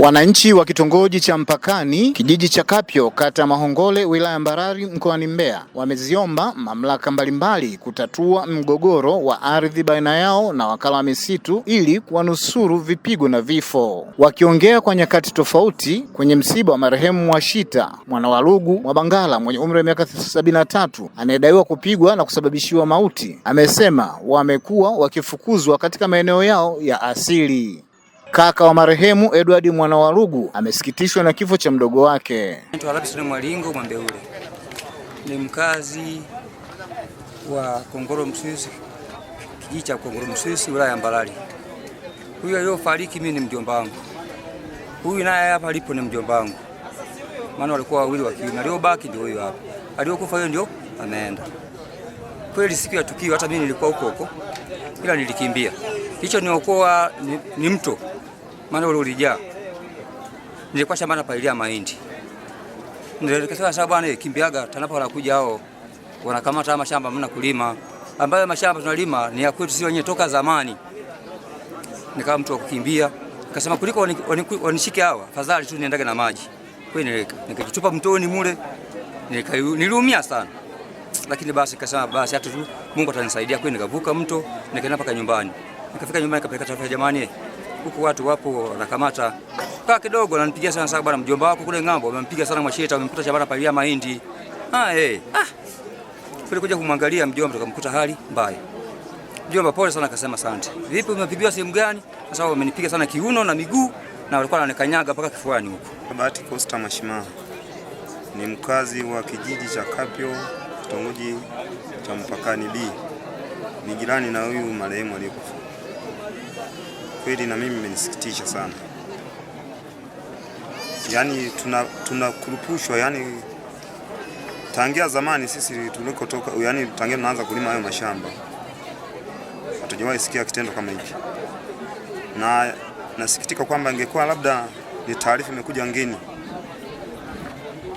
Wananchi wa kitongoji cha Mpakani, kijiji cha Kapyo, kata Mahongole, wilaya Mbarali, mkoani Mbeya, wameziomba mamlaka mbalimbali kutatua mgogoro wa ardhi baina yao na wakala wa misitu ili kuwanusuru vipigo na vifo. Wakiongea kwa nyakati tofauti kwenye msiba wa marehemu Mwashita mwana wa Lugu Mwabangala mwenye umri wa miaka tatu anayedaiwa kupigwa na kusababishiwa mauti, amesema wamekuwa wakifukuzwa katika maeneo yao ya asili. Kaka wa marehemu Edward Mwanawarugu amesikitishwa na kifo cha mdogo wake. Mwalingo Mwambeule ni mkazi wa Kongoro Msisi, kijiji cha Kongoro Msisi, wilaya ya Mbarali. Huyu aliyofariki mimi ni mjomba wangu, huyu naye hapa alipo ni mjomba wangu, maana walikuwa wawili wa kiume. Aliyobaki ndio huyu hapa, aliyokufa huyo ndio ameenda. Kweli siku ya tukio hata mimi nilikuwa huko huko, ila nilikimbia. Hicho niokoa ni, ni mto maana ule ulija Nilikuwa shambani napalilia mahindi, nilelekezewa sababu bwana, kimbiaga TANAPA wanakuja hao wanakamata mashamba, mna kulima ambayo mashamba tunalima ni ya kwetu sisi wenyewe toka zamani. Nikawa mtu wa kukimbia, nikasema kuliko wanishike hawa, fadhali tu niendage na maji. Kwa hiyo nikajitupa mtoni mule, niliumia sana, lakini basi nikasema basi hata tu Mungu atanisaidia. Kwa hiyo nikavuka mto nikaenda mpaka nyumbani, nikafika nyumbani, nikapeleka taarifa jamani huku watu wapo wanakamata kaa kidogo, ananipigia sana sana bwana, mjomba wako kule ng'ambo amempiga sana Mwasheta, amemkuta shabana palia mahindi ah, hey. Eh, ah. Tulikuja kumwangalia mjomba, tukamkuta hali mbaya. Mjomba pole sana, akasema asante. Vipi, umepigiwa sehemu gani? Sasa wamenipiga sana kiuno na miguu, na walikuwa wananikanyaga mpaka kifuani huko. Bahati Costa Mashima ni mkazi wa kijiji cha Kapyo, kitongoji cha Mpakani B, ni jirani na huyu marehemu aliyekufa kweli, na mimi imenisikitisha sana. Yani tunakurupushwa, tuna yani tangia zamani sisi tulikotoka, yani tangia tunaanza kulima hayo mashamba hatujawahi sikia kitendo kama hiki, na nasikitika kwamba ingekuwa labda ni taarifa imekuja ngeni,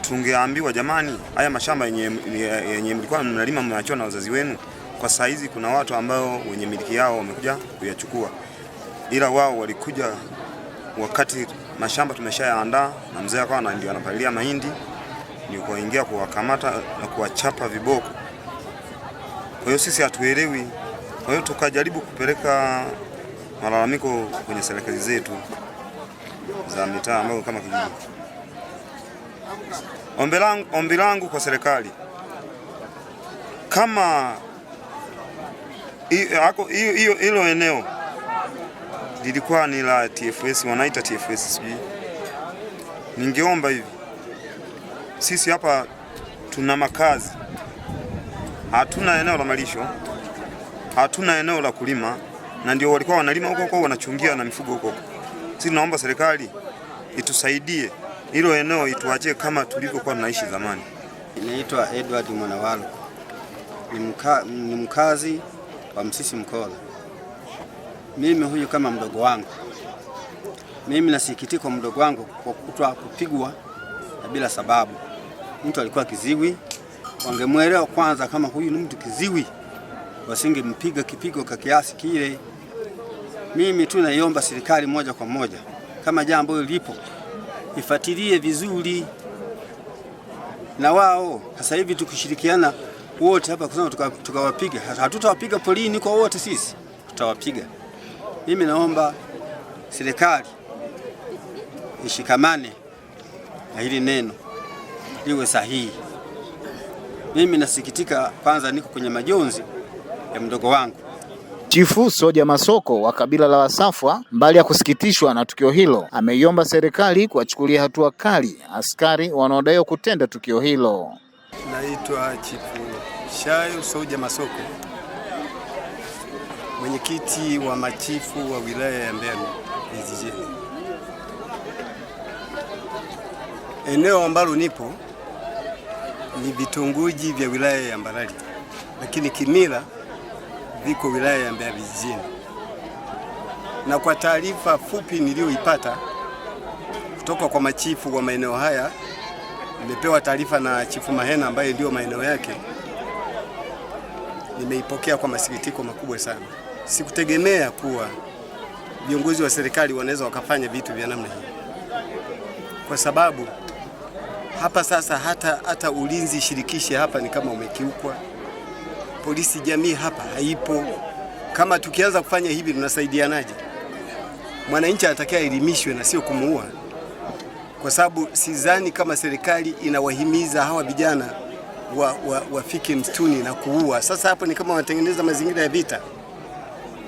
tungeambiwa jamani, haya mashamba yenye mlikuwa mnalima mnaachwa na wazazi wenu, kwa saizi kuna watu ambao wenye miliki yao wamekuja kuyachukua ila wao walikuja wakati mashamba tumeshayaandaa na mzee akawa ndio anapalilia mahindi, ni kuwaingia kuwakamata na kuwachapa viboko. Kwa hiyo sisi hatuelewi, kwa hiyo tukajaribu kupeleka malalamiko kwenye serikali zetu za mitaa ambayo kama kijiji. Ombi langu, kwa serikali kama hiyo hilo eneo lilikuwa ni la TFS, wanaita TFS sijui. Ningeomba hivi, sisi hapa tuna makazi, hatuna eneo la malisho, hatuna eneo la kulima, na ndio walikuwa wanalima huko huko, wanachungia na mifugo huko huko. Sisi tunaomba serikali itusaidie hilo eneo, ituachie kama tulivyokuwa tunaishi zamani. Inaitwa Edward Mwanawalo, ni mkazi wa Msisi Mkola mimi huyu kama mdogo wangu, mimi nasikitika mdogo wangu kwa kutwa kupigwa na bila sababu. Mtu alikuwa kiziwi, wangemwelewa kwanza kama huyu ni mtu kiziwi, wasingempiga kipigo kwa kiasi kile. Mimi tu naiomba serikali moja kwa moja, kama jambo hilo lipo, ifuatilie vizuri na wao. Sasa hivi tukishirikiana wote hapa kusema tukawapiga, tuka hatutawapiga polini kwa wote, sisi tutawapiga mimi naomba serikali ishikamane na hili neno liwe sahihi. Mimi nasikitika, kwanza niko kwenye majonzi ya mdogo wangu. Chifu Soja Masoko wa kabila la Wasafwa, mbali ya kusikitishwa na tukio hilo, ameiomba serikali kuwachukulia hatua kali askari wanaodaiwa kutenda tukio hilo. Naitwa Chifu Shayo Soja Masoko mwenyekiti wa machifu wa wilaya ya Mbeya vijijini. Eneo ambalo nipo ni vitongoji vya wilaya ya Mbarali, lakini kimila viko wilaya ya Mbeya vijijini, na kwa taarifa fupi niliyoipata kutoka kwa machifu wa maeneo haya, nimepewa taarifa na Chifu Mahena ambaye ndiyo maeneo yake, nimeipokea kwa masikitiko makubwa sana sikutegemea kuwa viongozi wa serikali wanaweza wakafanya vitu vya namna hii, kwa sababu hapa sasa hata, hata ulinzi shirikishi hapa ni kama umekiukwa. Polisi jamii hapa haipo. Kama tukianza kufanya hivi tunasaidianaje? Mwananchi anatakiwa elimishwe na sio kumuua, kwa sababu sidhani kama serikali inawahimiza hawa vijana wafike wa, wa msituni na kuua. Sasa hapo ni kama wanatengeneza mazingira ya vita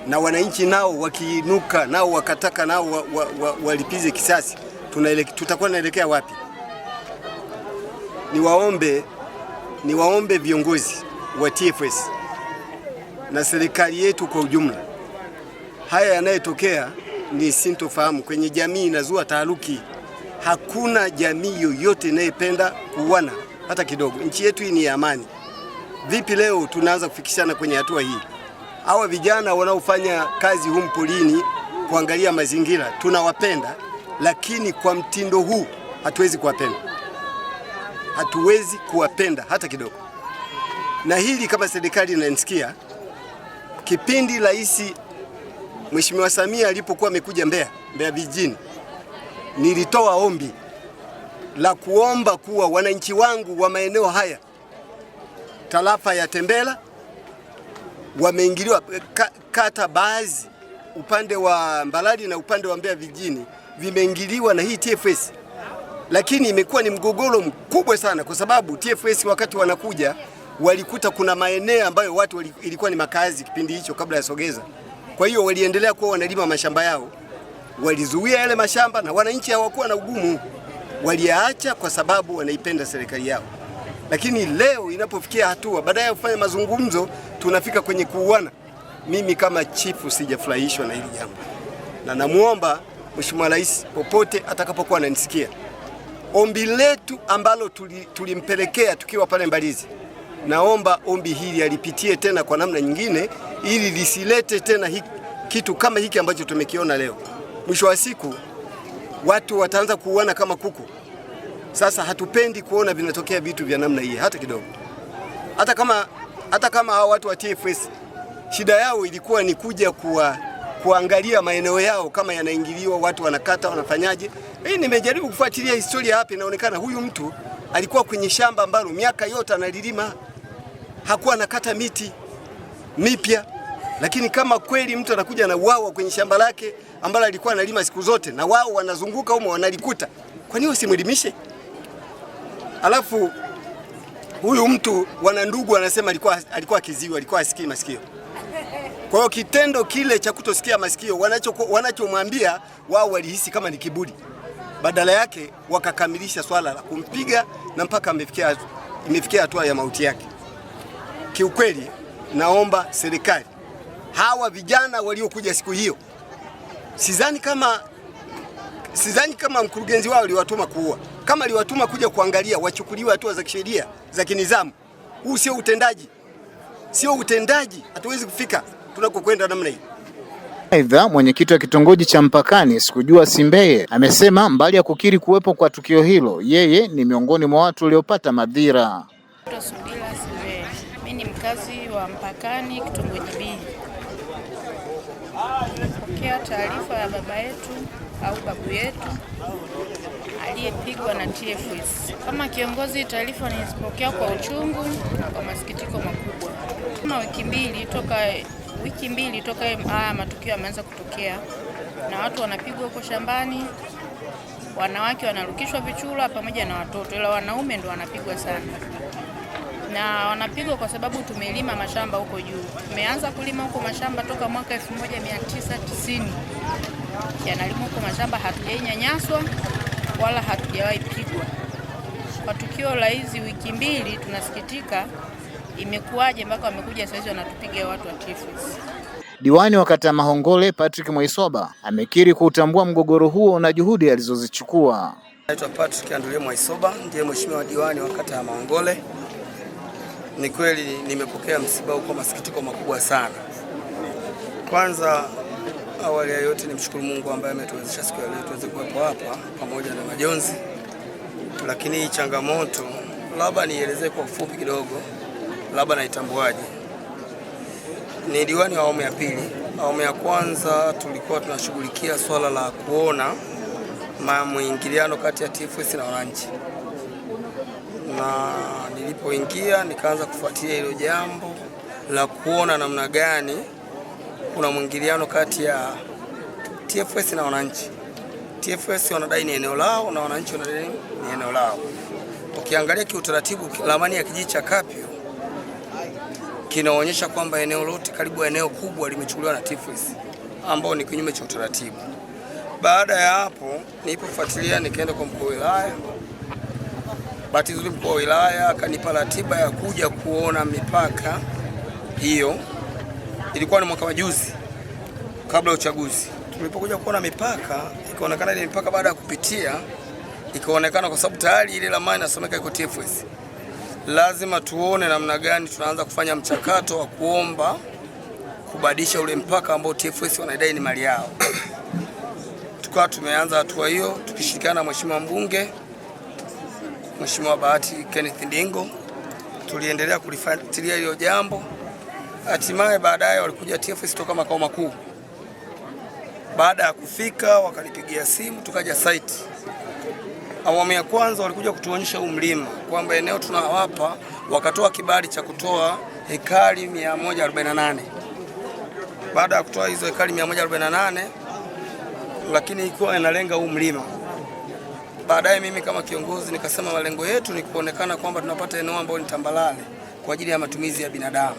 na wananchi nao wakiinuka nao wakataka nao wa, wa, wa, walipize kisasi, tutakuwa naelekea wapi? Niwaombe, niwaombe viongozi wa TFS na serikali yetu kwa ujumla, haya yanayotokea ni sintofahamu kwenye jamii, inazua taharuki. Hakuna jamii yoyote inayependa kuuana hata kidogo. Nchi yetu hii ni ya amani. Vipi leo tunaanza kufikishana kwenye hatua hii? hawa vijana wanaofanya kazi humu polini kuangalia mazingira tunawapenda, lakini kwa mtindo huu hatuwezi kuwapenda, hatuwezi kuwapenda hata kidogo. Na hili kama serikali inanisikia, kipindi Rais Mheshimiwa Samia alipokuwa amekuja Mbeya, Mbeya vijijini, nilitoa ombi la kuomba kuwa wananchi wangu wa maeneo haya tarafa ya Tembela wameingiliwa kata baadhi upande wa Mbalali na upande wa Mbeya vijijini vimeingiliwa na hii TFS, lakini imekuwa ni mgogoro mkubwa sana, kwa sababu TFS wakati wanakuja walikuta kuna maeneo ambayo watu ilikuwa ni makazi kipindi hicho kabla ya Sogeza. Kwa hiyo waliendelea kuwa wanalima mashamba yao, walizuia yale mashamba na wananchi hawakuwa na ugumu, waliyaacha kwa sababu wanaipenda serikali yao. Lakini leo inapofikia hatua baada ya kufanya mazungumzo tunafika kwenye kuuana, mimi kama chifu sijafurahishwa na hili jambo, na namwomba Mheshimiwa Rais popote atakapokuwa ananisikia, ombi letu ambalo tulimpelekea tuli tukiwa pale Mbalizi, naomba ombi hili alipitie tena kwa namna nyingine, ili lisilete tena hiki, kitu kama hiki ambacho tumekiona leo. Mwisho wa siku watu wataanza kuuana kama kuku. Sasa hatupendi kuona vinatokea vitu vya namna hii hata kidogo, hata kama hata kama hao watu wa TFS shida yao ilikuwa ni kuja kuwa, kuangalia maeneo yao kama yanaingiliwa, watu wanakata wanafanyaje. Mimi nimejaribu kufuatilia historia hapa, inaonekana huyu mtu alikuwa kwenye shamba ambalo miaka yote analilima, hakuwa anakata miti mipya, lakini kama kweli mtu anakuja na wao kwenye shamba lake ambalo alikuwa analima siku zote, na wao wanazunguka huko wanalikuta, kwa nini usimwelimishe? alafu huyu mtu, wana ndugu anasema alikuwa alikuwa kiziwi, alikuwa asikii masikio. Kwa hiyo kitendo kile cha kutosikia masikio wanachomwambia wao walihisi kama ni kiburi, badala yake wakakamilisha swala la kumpiga na mpaka amefikia imefikia hatua ya mauti yake. Kiukweli naomba serikali, hawa vijana waliokuja siku hiyo, sidhani kama sidhani kama mkurugenzi wao aliwatuma kuua kama aliwatuma kuja kuangalia, wachukuliwe hatua za kisheria za kinizamu. Huu sio utendaji, sio utendaji. Hatuwezi kufika tunakokwenda namna hii. Aidha, mwenyekiti wa kitongoji cha Mpakani Sikujua Simbeye amesema mbali ya kukiri kuwepo kwa tukio hilo, yeye ni miongoni mwa watu waliopata madhira. Mimi ni mkazi wa Mpakani kitongoji B. Pokea taarifa ya baba yetu au babu yetu aliyepigwa na TFS. Kama kiongozi, taarifa nilizipokea kwa uchungu na kwa masikitiko makubwa. Kama wiki mbili toka wiki mbili toka haya matukio yameanza kutokea, na watu wanapigwa huko shambani, wanawake wanarukishwa vichura pamoja na watoto, ila wanaume ndo wanapigwa sana na wanapigwa kwa sababu tumelima mashamba huko juu. Tumeanza kulima huko mashamba toka mwaka 1990 yanalimwa huko mashamba, hatujainyanyaswa wala hatujawahi pigwa. Kwa tukio la hizi wiki mbili tunasikitika, imekuwaje mpaka wamekuja sasa wanatupiga watu wa TFS. Diwani wa kata Mahongole Patrick Mwaisoba amekiri kuutambua mgogoro huo na juhudi alizozichukua. Naitwa Patrick Andulie Mwaisoba, ndiye mheshimiwa diwani wa kata ya Mahongole. Ni kweli nimepokea msiba huu kwa masikitiko makubwa sana. Kwanza Awali ya yote mshukuru Mungu ambaye ametuwezesha siku ya leo tuweze kuwepo hapa pamoja na majonzi, lakini changamoto labda nielezee kwa ufupi kidogo, labda naitambuaje. Ni diwani wa awamu ya pili. Awamu ya kwanza tulikuwa tunashughulikia swala la kuona mwingiliano kati ya TFS na wananchi, na nilipoingia nikaanza kufuatilia hilo jambo la kuona namna gani kuna mwingiliano kati ya TFS na wananchi. TFS wanadai ni eneo lao na wananchi wanadai ni eneo lao. Ukiangalia kiutaratibu, ramani ya kijiji cha Kapyo kinaonyesha kwamba eneo lote, karibu eneo kubwa limechukuliwa na TFS, ambao ni kinyume cha utaratibu. Baada ya hapo, nilipofuatilia nikaenda kwa mkuu wa wilaya. Bahati nzuri, mkuu wa wilaya akanipa ratiba ya kuja kuona mipaka hiyo ilikuwa ni mwaka wa juzi kabla ya uchaguzi. Tulipokuja kuona mipaka, ikaonekana ile mipaka baada ya kupitia ikaonekana, kwa sababu tayari ile ramani inasomeka iko TFS, lazima tuone namna gani tunaanza kufanya mchakato wa kuomba kubadilisha ule mpaka ambao TFS wanadai ni mali yao. Tukawa tumeanza hatua hiyo tukishirikiana na mheshimiwa mbunge, Mheshimiwa Bahati Kenneth Ndingo, tuliendelea kulifuatilia hiyo jambo. Hatimaye baadaye walikuja TFS toka makao makuu. Baada ya kufika, wakanipigia simu, tukaja site. Awamu ya kwanza walikuja kutuonyesha huu mlima kwamba eneo tunawapa, wakatoa kibali cha kutoa hekari 148. Baada ya kutoa hizo hekari 148, lakini ilikuwa inalenga huu mlima Baadaye mimi kama kiongozi nikasema malengo yetu ni kuonekana kwamba tunapata eneo ambalo ni tambalale kwa ajili ya matumizi ya binadamu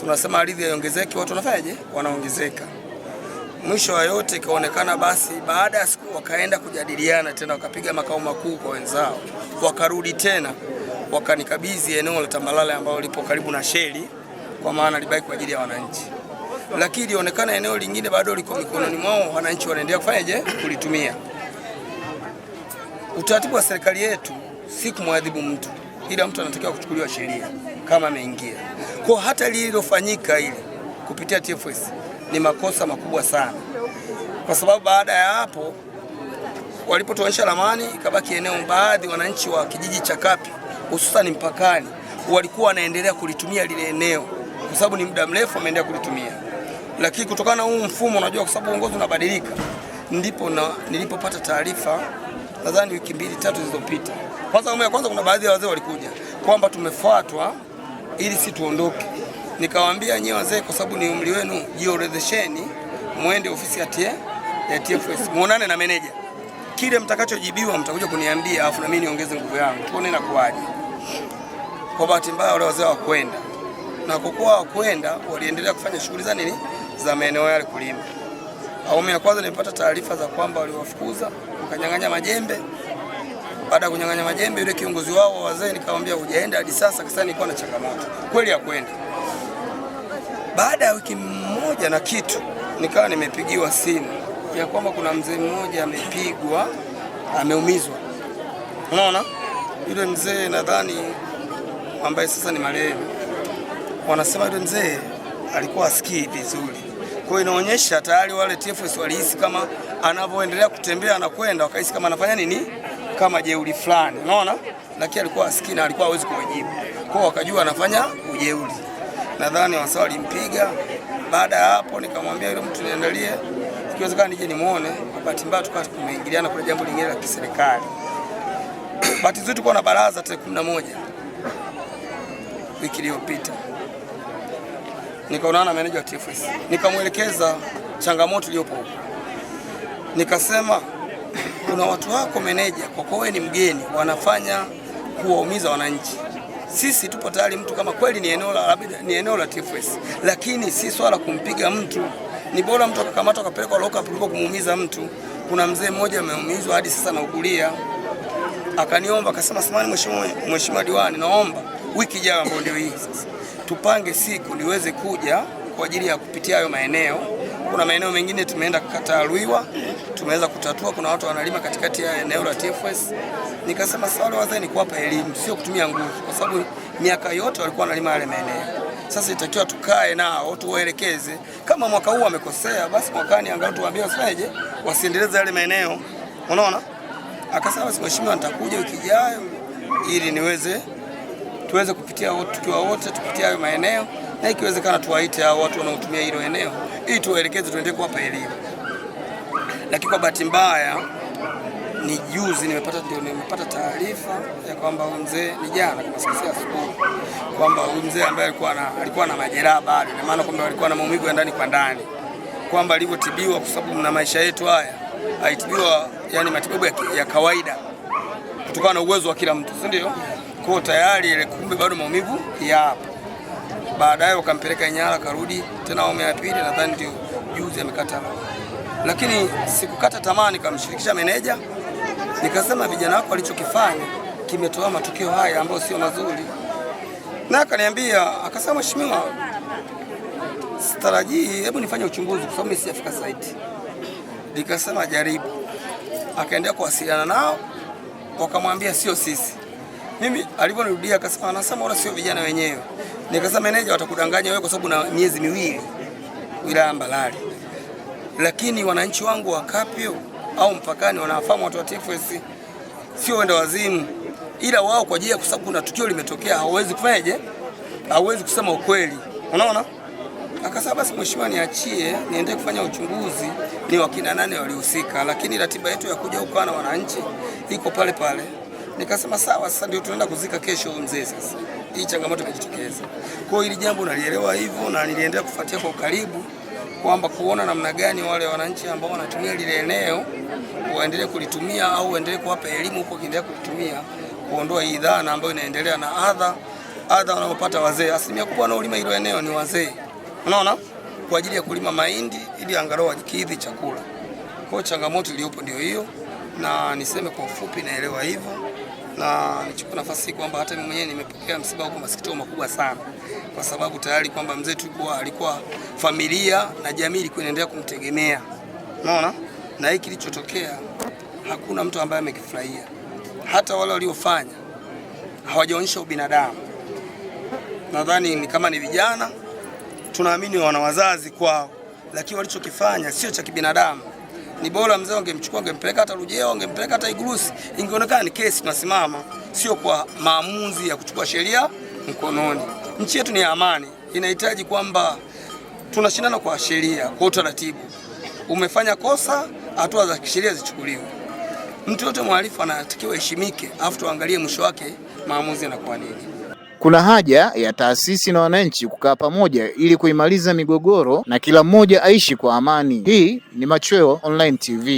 tunasema ardhi haiongezeki, watu wanafanyaje? Wanaongezeka. Mwisho wa yote ikaonekana basi, baada ya siku wakaenda kujadiliana tena, wakapiga makao makuu kwa wenzao, wakarudi tena wakanikabidhi eneo la tambalale ambalo lipo karibu na sheli, kwa maana libaki kwa ajili ya wananchi, lakini ilionekana eneo lingine bado liko mikononi mwao, wananchi wanaendelea kufanyaje? Kulitumia. Utaratibu wa serikali yetu si kumwadhibu mtu, ila mtu anatakiwa kuchukuliwa sheria kama ameingia kwa hata lililofanyika ile kupitia TFS ni makosa makubwa sana, kwa sababu baada ya hapo walipotuonyesha ramani ikabaki eneo, baadhi wananchi wa kijiji cha Kapi hususan mpakani walikuwa wanaendelea kulitumia lile eneo, kwa sababu ni muda mrefu wameendelea kulitumia, lakini kutokana na huu mfumo, unajua kwa sababu uongozi unabadilika, ndipo na nilipopata taarifa nadhani wiki mbili tatu zilizopita. Kwanza awamu ya kwanza, kuna baadhi ya wazee walikuja kwamba tumefuatwa ili si tuondoke. Nikawaambia nyewe wazee, kwa sababu ni umri wenu, jiorodhesheni mwende ofisi ya TFS muonane na meneja, kile mtakachojibiwa mtakuja kuniambia, afu na mimi niongeze nguvu yangu, tuone na kuaje. Kwa bahati mbaya wale wazee hawakwenda, na kwa kuwa hawakwenda, waliendelea kufanya shughuli za nini za maeneo yale kulima. Awamu ya kwanza nilipata taarifa za kwamba waliwafukuza, wakanyang'anya majembe baada ya kunyang'anya majembe yule kiongozi wao wa wazee, nikamwambia hujaenda hadi sasa, kasa nilikuwa na changamoto kweli ya kwenda. Baada ya wiki moja na kitu, nikawa nimepigiwa simu ya kwamba kuna mzee mmoja amepigwa, ameumizwa. Unaona yule mzee nadhani, ambaye sasa ni marehemu, wanasema yule mzee alikuwa asikii vizuri. Kwa hiyo inaonyesha tayari wale TFS walihisi kama anavyoendelea kutembea anakwenda, wakahisi kama anafanya nini kama jeuri fulani, unaona, lakini alikuwa asikii na alikuwa hawezi kuwajibu kwao, wakajua anafanya ujeuri. Nadhani wasaa walimpiga. Baada ya hapo, nikamwambia yule mtu niandalie, ikiwezekana nije nimuone. Kwa bahati mbaya, tukawa tumeingiliana kwa jambo lingine la kiserikali. Bahati nzuri tulikuwa na baraza tarehe kumi na moja wiki iliyopita, nikaonana na meneja wa TFS, nikamwelekeza changamoto iliyopo nikasema kuna watu wako meneja, kwa kuwa wewe ni mgeni, wanafanya kuwaumiza wananchi. Sisi tupo tayari, mtu kama kweli ni eneo la ni eneo la TFS, lakini si swala kumpiga mtu. Ni bora mtu akakamatwa akapelekwa loka kuliko kumuumiza mtu. Kuna mzee mmoja ameumizwa hadi sasa naugulia, akaniomba akasema, samani mheshimiwa, mheshimiwa diwani, naomba wiki ijayo, ambayo ndio hii sasa, tupange siku niweze kuja kwa ajili ya kupitia hayo maeneo. Kuna maeneo mengine tumeenda kata Ruiwa, tumeweza kutatua. Kuna watu wanalima katikati ya eneo la TFS, nikasema sawa, wazee ni kuwapa elimu, sio kutumia nguvu, kwa sababu miaka yote walikuwa wanalima yale maeneo. Sasa itakiwa tukae nao tuwaelekeze, kama mwaka huu wamekosea, basi mwakani angalau tuwaambie wasifanyeje, wasiendeleze yale maeneo. Unaona, akasema basi, mheshimiwa, nitakuja wiki ijayo ili niweze tuweze kupitia wote tukiwa wote tupitia hayo maeneo na ikiwezekana tuwaite hao watu wanaotumia hilo eneo ili tuwaelekeze tuendelee kuwapa elimu, lakini kwa bahati mbaya ni juzi nimepata ndio nimepata taarifa ya kwamba huyu mzee ni jana kwa sisi asubuhi, kwamba huyu mzee ambaye alikuwa na alikuwa na majeraha bado, na maana kwamba alikuwa na maumivu ya ndani kwa ndani, kwamba alivyotibiwa, kwa sababu na maisha yetu haya aitibiwa, yani matibabu ya, ya kawaida kutokana na uwezo wa kila mtu, si ndio? Kwa tayari ile kumbe bado maumivu yapo baadaye wakampeleka Nyara, karudi tena awamu ya pili, nadhani ndio juzi amekata. Lakini sikukata tamaa, nikamshirikisha meneja nikasema, vijana wako walichokifanya kimetoa matokeo haya ambayo sio mazuri, na akaniambia akasema, mheshimiwa, sitarajii, hebu nifanye uchunguzi kwa sababu mimi sijafika site. Nikasema jaribu. Akaendelea kuwasiliana nao, wakamwambia sio sisi. Mimi aliponirudia akasema, anasema wala sio vijana wenyewe. Nikasema meneja watakudanganya wewe kwa sababu na miezi miwili wilaya Mbalali, lakini wananchi wangu wa Kapyo au mpakani wanafahamu watu wa TFS, sio wenda wazimu, ila wao kwa ajili ya, kwa sababu kuna tukio limetokea, hauwezi kufanyaje, hauwezi kusema ukweli, unaona. Akasema basi mheshimiwa, niachie niende kufanya uchunguzi ni wakina nane walihusika, lakini ratiba yetu ya kuja huko na wananchi iko pale pale. Nikasema sawa, sasa ndio tunaenda kuzika kesho mzee sasa hii changamoto imejitokeza. Kwa hiyo hili jambo nalielewa hivyo na niliendelea kufuatia kwa ukaribu kwamba kuona namna gani wale wananchi ambao wanatumia lile eneo waendelee kulitumia au waendelee kuwapa elimu huko kiendelea kulitumia kuondoa hii dhana ambayo inaendelea na adha adha wanaopata wazee. Asilimia kubwa wanaolima hilo eneo ni wazee, unaona, kwa ajili ya kulima mahindi ili angalau wajikidhi chakula. Kwa changamoto iliyopo ndio hiyo, na niseme kwa ufupi, naelewa hivyo na nichukua nafasi hii kwamba hata mimi mwenyewe nimepokea msiba kwa masikitiko makubwa sana, kwa sababu tayari kwamba mzee tulikuwa alikuwa familia na jamii ilikuwa inaendelea kumtegemea, unaona, na hiki kilichotokea hakuna mtu ambaye amekifurahia, hata wale waliofanya hawajaonyesha ubinadamu. Nadhani ni kama ni vijana tunaamini wana wazazi kwao, lakini walichokifanya sio cha kibinadamu ni bora mzee ungemchukua ungempeleka hata Rujeo, ungempeleka hata Igurusi, ingeonekana ni kesi tunasimama, sio kwa maamuzi ya kuchukua sheria mkononi. Nchi yetu ni ya amani, inahitaji kwamba tunashindana kwa sheria, kwa utaratibu. Umefanya kosa, hatua za kisheria zichukuliwe. Mtu yote mhalifu anatakiwa heshimike, afu tuangalie mwisho wake maamuzi yanakuwa nini. Kuna haja ya taasisi na wananchi kukaa pamoja ili kuimaliza migogoro na kila mmoja aishi kwa amani. Hii ni Machweo Online TV.